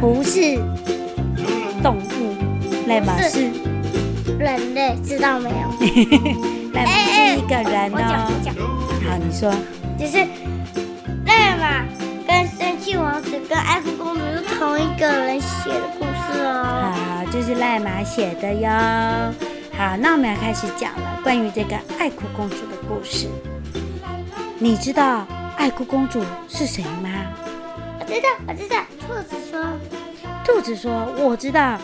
不是、嗯、動物，賴馬是人類，知道沒有？ 賴馬是一個人哦。欸欸、好，你說。只是賴馬跟《生氣王子》跟《愛哭公主》是同一個人寫的故事哦。好，就是賴馬寫的喲。好，那我們要開始講了，關於這個《愛哭公主》的故事。你知道《愛哭公主》是誰嗎？知道，我知道。兔子說：“兔子說，我知道。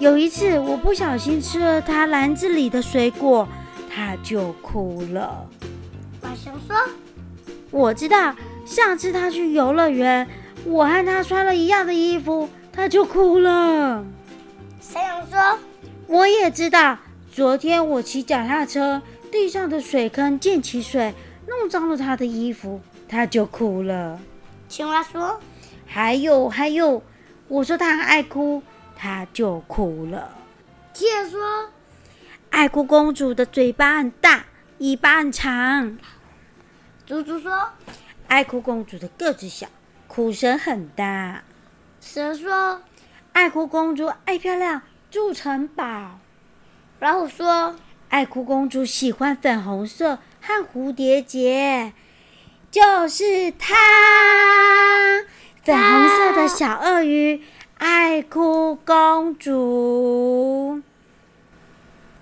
有一次，我不小心吃了它籃子裡的水果，它就哭了。”熊說：“我知道。上次他去遊樂園，我和他穿了一樣的衣服，他就哭了。”山羊說：“我也知道。昨天我騎腳踏車，地上的水坑濺起水，弄髒了他的衣服，他就哭了。”青蛙說。還有還有，我說她愛哭，她就哭了。接著說，愛哭公主的嘴巴很大，尾巴很長。豬豬說，愛哭公主的個子小，哭聲很大。蛇說，愛哭公主愛漂亮，住城堡。老虎說，愛哭公主喜歡粉紅色和蝴蝶結，就是她。粉紅色的小鱷魚愛哭公主，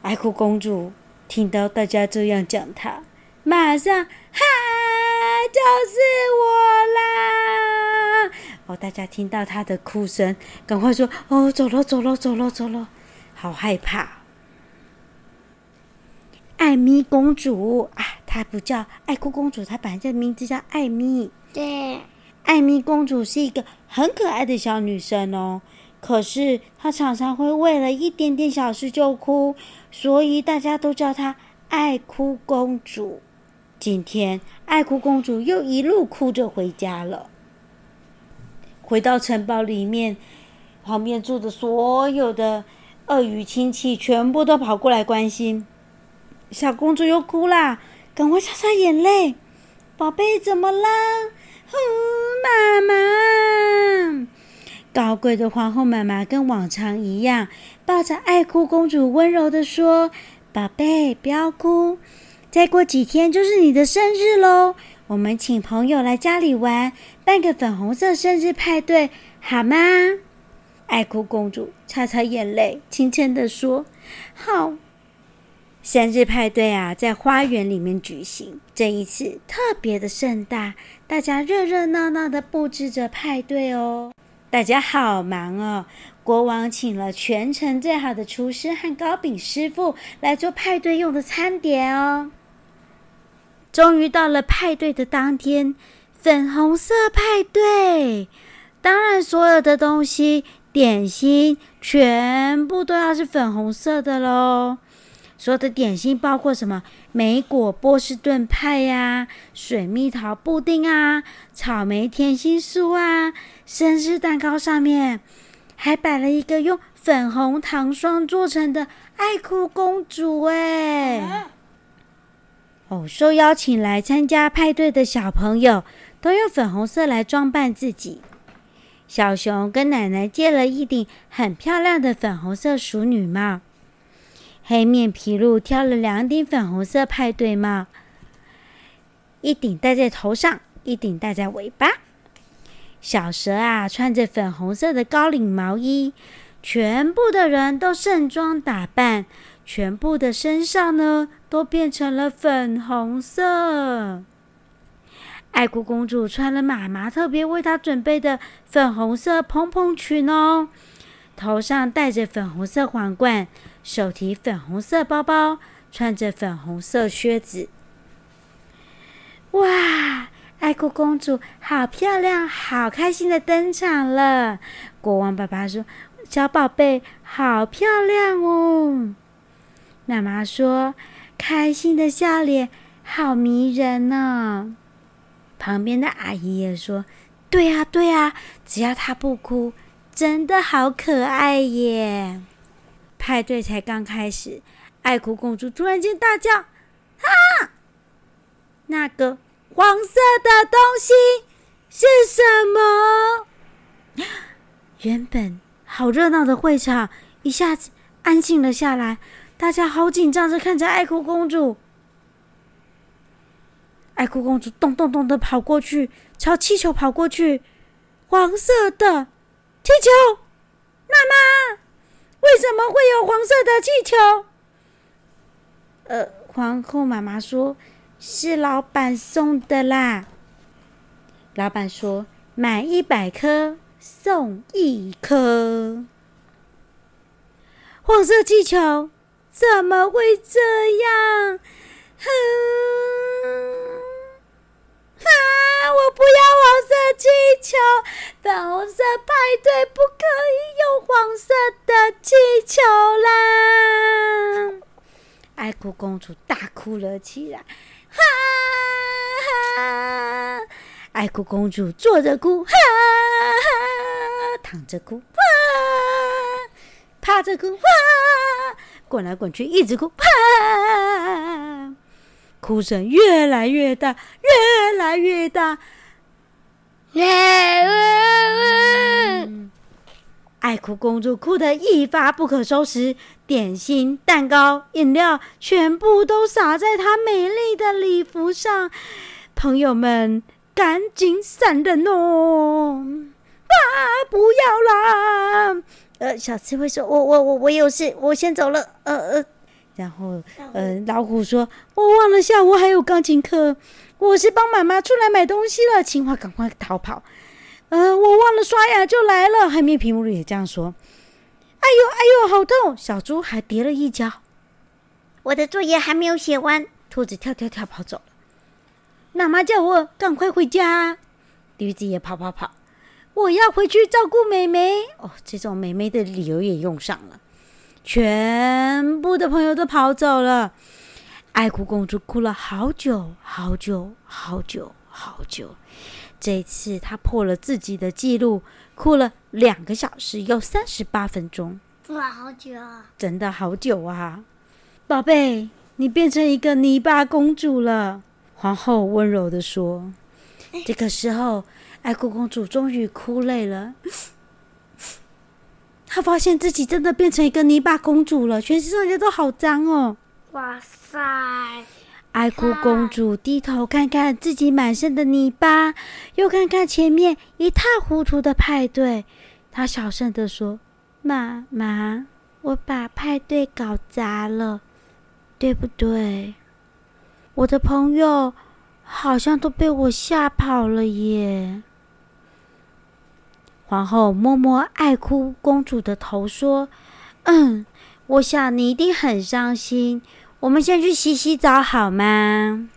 愛哭公主聽到大家這樣講她，馬上哈就是我啦！哦，大家聽到她的哭聲，趕快說哦，走咯走咯走咯走咯，好害怕！艾米公主啊，她不叫愛哭公主，她本來的名字叫艾米。對。艾米公主是一個很可愛的小女生哦，可是她常常會為了一點點小事就哭，所以大家都叫她“愛哭公主”。今天，愛哭公主又一路哭着回家了。回到城堡裡面，旁邊住的所有的鱷魚親戚，全部都跑過來關心。小公主又哭啦，趕快擦擦眼淚，寶貝怎麼啦？呼，媽媽，高貴的皇后媽媽跟往常一樣，抱着愛哭公主，溫柔的說：“寶貝，不要哭，再過幾天就是你的生日嘍，我們請朋友來家裡玩，辦個粉紅色生日派對，好嗎？”愛哭公主擦擦眼淚，輕輕的說：“好。”生日派對啊，在花園裡面舉行。這一次特別的盛大，大家熱熱鬧鬧的佈置着派對哦。大家好忙哦。國王請了全城最好的廚師和糕餅師傅來做派對用的餐點哦。終於到了派對的當天，粉紅色派對，當然所有的東西、點心全部都要是粉紅色的嘍。所有的點心包括什麼？莓果波士頓派呀、啊，水蜜桃布丁啊，草莓甜心酥啊。生日蛋糕上面還擺了一個用粉紅糖霜做成的愛哭公主。哎、啊，哦，受邀請來參加派對的小朋友都用粉紅色來裝扮自己。小熊跟奶奶借了一頂很漂亮的粉紅色淑女帽。黑面皮鹿挑了兩頂粉紅色派對帽，一頂戴在頭上，一頂戴在尾巴。小蛇啊，穿着粉紅色的高領毛衣。全部的人都盛裝打扮，全部的身上呢都變成了粉紅色。愛哭公主穿了媽媽特別為她準備的粉紅色蓬蓬裙哦。頭上戴着粉紅色皇冠，手提粉紅色包包，穿着粉紅色靴子。哇，愛哭公主好漂亮，好開心的登場了！國王爸爸說：“小寶貝好漂亮哦。”媽媽說：“開心的笑臉好迷人呢、哦。”旁邊的阿姨也說：“對啊，對啊，只要她不哭。”真的好可愛耶！派對才剛開始，愛哭公主突然間大叫：“啊，那個黃色的東西是什麼？”原本好熱鬧的會場一下子安靜了下來，大家好緊張的看着愛哭公主。愛哭公主咚咚咚的跑過去，朝氣球跑過去，黃色的。氣球，媽媽，為什麼會有黃色的氣球？呃，皇后媽媽說，是老闆送的啦。老闆說，買一百顆送一顆。黃色氣球怎麼會這樣？哼，哈。啊。我不要黃色氣球，粉紅色派對不可以有黃色的氣球啦！愛哭公主大哭了起來，啊啊，愛哭公主坐着哭，啊啊，躺着哭，趴、啊，趴着哭，滾、啊、來滾去一直哭，啊、哭聲越來越大，越……越來越大、欸呃呃嗯，愛哭公主哭得一發不可收拾，點心、蛋糕、飲料全部都灑在她美麗的禮服上。朋友們，趕緊閃人哦！啊，不要啦！呃，小刺蝟說：“我我我我有事，我先走了。”呃呃。然後，嗯、呃，老虎說：“我忘了下午還有鋼琴課，我是幫媽媽出來買東西了。”青蛙趕快逃跑。呃，我忘了刷牙就來了。海面屏幕裡也這樣說：“哎呦哎呦，好痛！”小豬還跌了一跤。我的作業還沒有寫完。兔子跳跳跳跑走了。媽媽叫我趕快回家。驢子也跑跑跑。我要回去照顧妹妹。哦，這種妹妹的理由也用上了。全部的朋友都跑走了，愛哭公主哭了好久，好久，好久，好久。這次她破了自己的記錄，哭了兩個小時又三十八分鐘。哭了好久啊！真的好久啊！寶貝，你變成一個泥巴公主了。皇后溫柔地說。這個時候，愛哭公主終於哭累了。她發現自己真的變成一個泥巴公主了，全身上下都好髒哦！哇塞！愛哭公主低頭看看自己滿身的泥巴，又看看前面一塌糊塗的派對，她小聲地說：“媽媽，我把派對搞砸了，對不對？我的朋友好像都被我嚇跑了耶！”皇后摸摸愛哭公主的頭，說：“嗯，我想你一定很傷心。我們先去洗洗澡，好嗎？”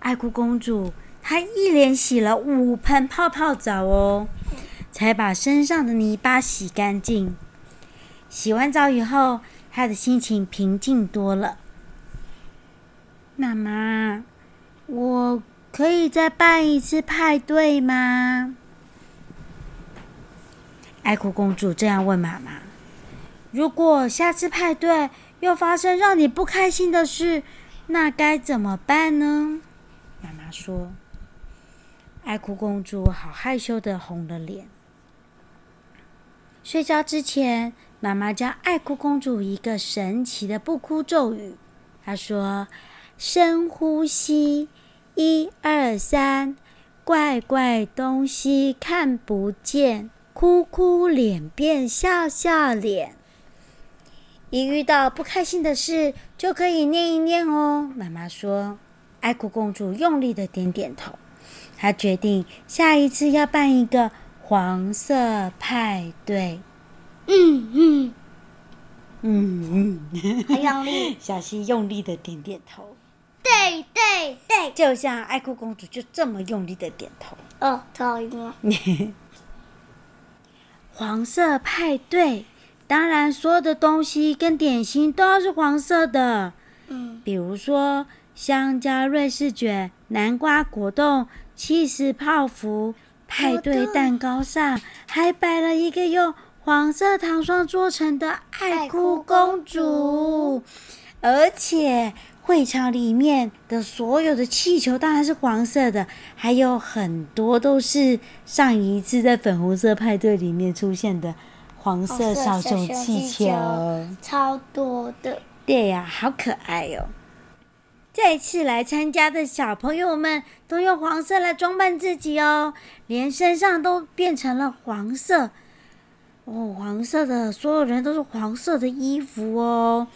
愛哭公主她一連洗了五盆泡泡澡哦，才把身上的泥巴洗乾淨。洗完澡以後，她的心情平靜多了。媽媽，我可以再辦一次派對嗎？愛哭公主這樣問媽媽：“如果下次派對又發生讓你不開心的事，那該怎麼辦呢？”媽媽說，愛哭公主好害羞地紅了臉。睡覺之前，媽媽教愛哭公主一個神奇的不哭咒語。她說：“深呼吸，一二三，怪怪東西看不見。”哭哭臉變笑笑臉，一遇到不開心的事就可以念一念哦。媽媽說，愛哭公主用力的點點頭。她決定下一次要辦一個黃色派對。嗯嗯嗯嗯，嗯嗯 小心用力的點點頭。對對對，就像愛哭公主就這麼用力的點頭。哦，頭好暈。 黃色派對，當然，所有的東西跟點心都是黃色的，嗯。比如說香蕉瑞士捲、南瓜果凍、起司泡芙。派對蛋糕上還擺了一個用黃色糖霜做成的愛哭公主，公主而且。會場裡面的所有的氣球當然是黃色的，還有很多都是上一次在粉紅色派對裡面出現的黃色小熊氣球，哦，小，超多的。對呀，啊，好可愛喲，哦！這次來參加的小朋友們都用黃色來裝扮自己哦，連身上都變成了黃色。哦，黃色的，所有人都是黃色的衣服哦。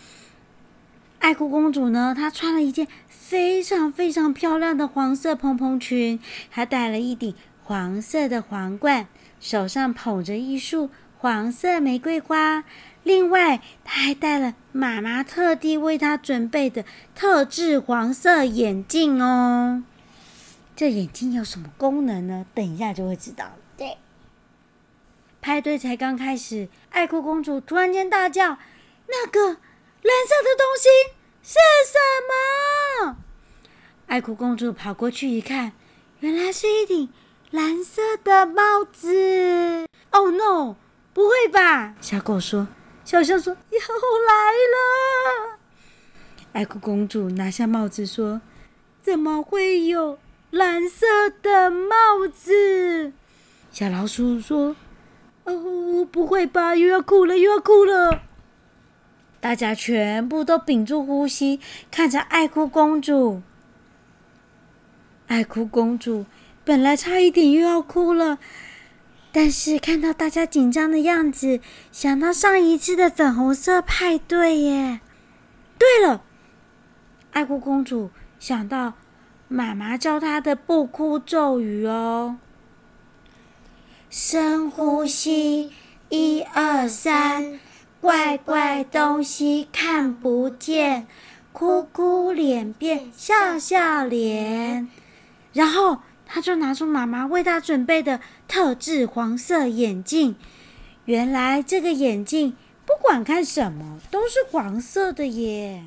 愛哭公主呢？她穿了一件非常非常漂亮的黃色蓬蓬裙，還戴了一頂黃色的皇冠，手上捧着一束黃色玫瑰花。另外，她還戴了媽媽特地為她準備的特制黃色眼鏡哦。這眼鏡有什麼功能呢？等一下就會知道了。對，派對才剛開始，愛哭公主突然間大叫：“那個！”藍色的東西是什麼？愛哭公主跑過去一看，原來是一頂藍色的帽子。Oh no！不會吧？小狗說，小象說，又來了。愛哭公主拿下帽子說：“怎麼會有藍色的帽子？”小老鼠說：“哦，不會吧？又要哭了，又要哭了。”大家全部都屏住呼吸，看着愛哭公主。愛哭公主本來差一點又要哭了，但是看到大家緊張的樣子，想到上一次的粉紅色派對耶。對了，愛哭公主想到媽媽教她的不哭咒語哦。深呼吸，一二三。怪怪東西看不見，哭哭臉變笑笑臉。然後他就拿出媽媽為他準備的特製黃色眼鏡。原來這個眼鏡不管看什麼都是黃色的耶！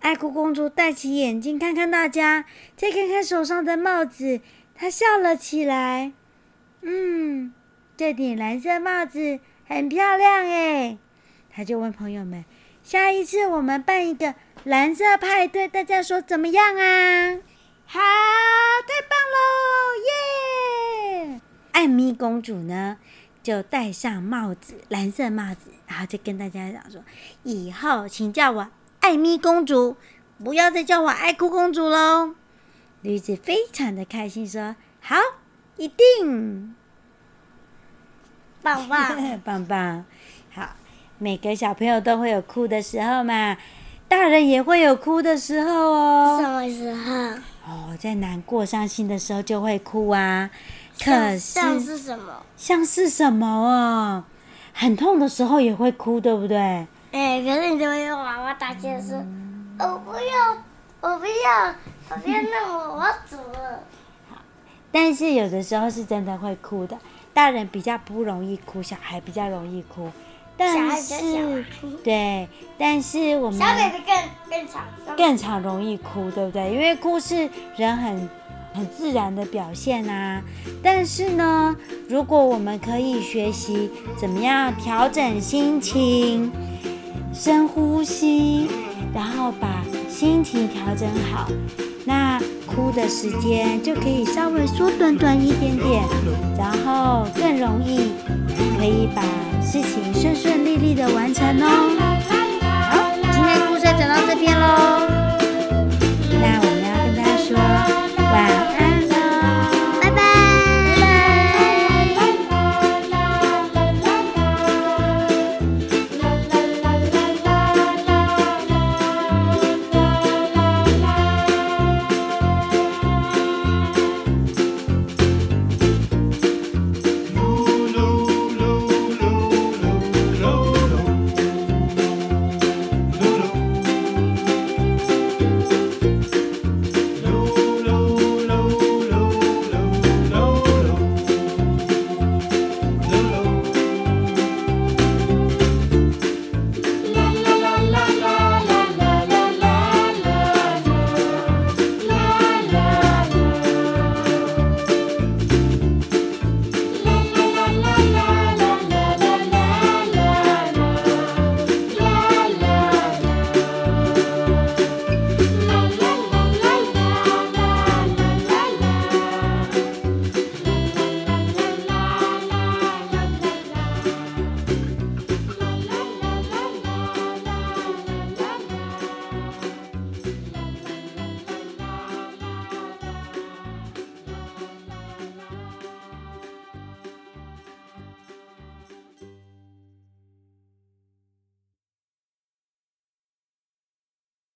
愛哭公主戴起眼鏡，看看大家，再看看手上的帽子，她笑了起來。嗯，這頂藍色帽子。很漂亮哎、欸，她就問朋友們：“下一次我們辦一個藍色派對，大家說怎麼樣啊？”“好，太棒嘍，耶、yeah!！” 艾米公主呢，就戴上帽子，藍色帽子，然後就跟大家講說：“以後請叫我艾米公主，不要再叫我愛哭公主嘍。”女子非常的開心，說：“好，一定。”棒棒棒棒！好，每個小朋友都會有哭的時候嘛，大人也會有哭的時候哦。什麼時候？哦，在難過、傷心的時候就會哭啊。可是像，像是什麼？像是什麼哦？很痛的時候也會哭，對不對？哎、欸，可是你就會用娃娃打僵屍、嗯？我不要，我不要，我不要那麼我子、嗯。好，但是有的時候是真的會哭的。大人比較不容易哭，小孩比較容易哭，但是對，但是我們小更更常更常容易哭，對不對？因為哭是人很很自然的表現啊。但是呢，如果我們可以學習怎麼樣調整心情，深呼吸，然後把心情調整好，那。哭的時間就可以稍微縮短短一點點，然後更容易可以把事情順順利利的完成哦。好，今天故事講到這邊嘍。